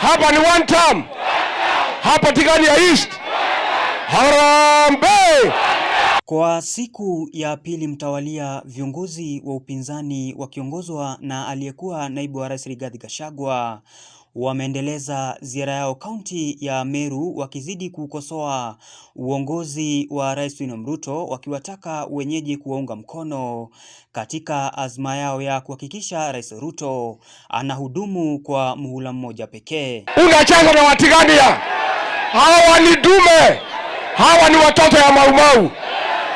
Hapa ni one term. Hapa Tigani ya East. Harambee! Kwa siku ya pili mtawalia, viongozi wa upinzani wakiongozwa na aliyekuwa naibu wa rais Rigathi Gachagua wameendeleza ziara yao kaunti ya Meru wakizidi kukosoa uongozi wa Rais William Ruto wakiwataka wenyeji kuwaunga mkono katika azma yao ya kuhakikisha Rais Ruto anahudumu kwa muhula mmoja pekee. Unacheza na Watigania. Hawa ni dume, hawa ni watoto ya Maumau.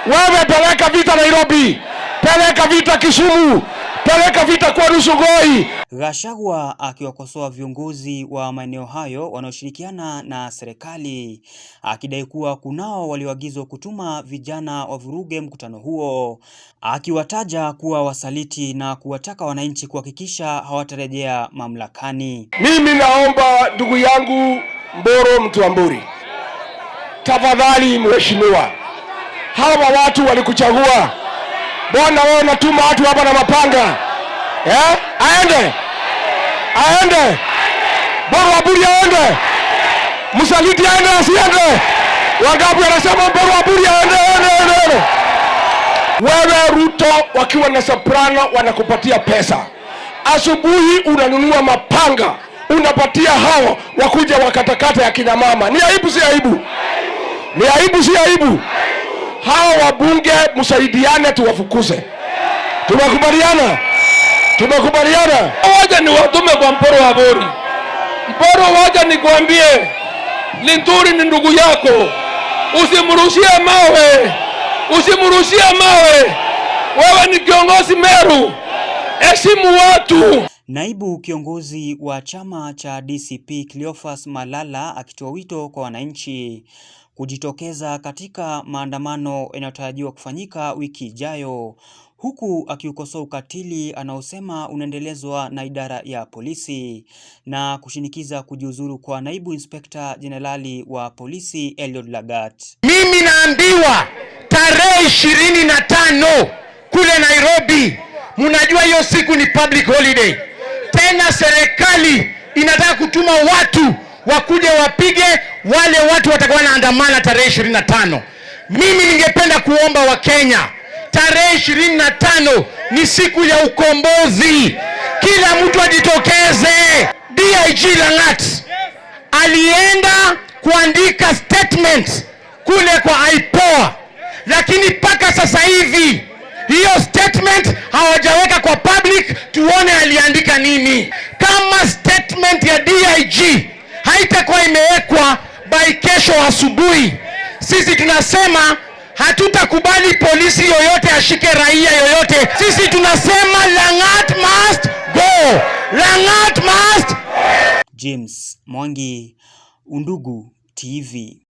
Wewe peleka vita Nairobi, peleka vita Kisumu, peleka vita kwa Rusugoi. Gachagua akiwakosoa viongozi wa maeneo hayo wanaoshirikiana na serikali akidai kuwa kunao walioagizwa kutuma vijana wavuruge mkutano huo, akiwataja kuwa wasaliti na kuwataka wananchi kuhakikisha hawatarejea mamlakani. Mimi naomba ndugu yangu Mboro mburi tafadhali mheshimiwa, hawa watu walikuchagua, mbona wewe unatuma watu hapa na mapanga eh? Aende aende, Boru aburi aende, msaliti aende, asiende? Wangapi anasema Boru aburi aende, aende, aende, aende? Wewe Ruto, wakiwa na soprano wanakupatia pesa, asubuhi unanunua mapanga unapatia hao wakuja wakatakata ya kina mama. Ni aibu, si aibu? Ni aibu, si aibu? Hao wabunge msaidiane, tuwafukuze. Tunakubaliana? Tumekubaliana, waja ni watume kwa Mporo wa Bori. Mporo, waja nikwambie, Linturi ni ndugu yako, usimrushie mawe, usimrushie mawe. Wewe ni kiongozi Meru, heshimu watu. Naibu kiongozi wa chama cha DCP Cleophas Malala akitoa wito kwa wananchi kujitokeza katika maandamano yanayotarajiwa kufanyika wiki ijayo huku akiukosoa ukatili anaosema unaendelezwa na idara ya polisi na kushinikiza kujiuzuru kwa naibu inspekta jenerali wa polisi Eliud Lagat. Mimi naambiwa tarehe ishirini na tano kule Nairobi, mnajua hiyo siku ni public holiday. Tena serikali inataka kutuma watu wakuje wapige wale watu watakuwa naandamana tarehe ishirini na tano. Mimi ningependa kuomba Wakenya tarehe ishirini na tano ni siku ya ukombozi. Kila mtu ajitokeze. DIG Lang'at alienda kuandika statement kule kwa IPOA, lakini mpaka sasa hivi hiyo statement hawajaweka kwa public, tuone aliandika nini. Kama statement ya DIG haitakuwa imewekwa by kesho asubuhi, sisi tunasema Hatutakubali polisi yoyote ashike raia yoyote. Sisi tunasema Lang'at must go. Lang'at must. James Mwangi, Undugu TV.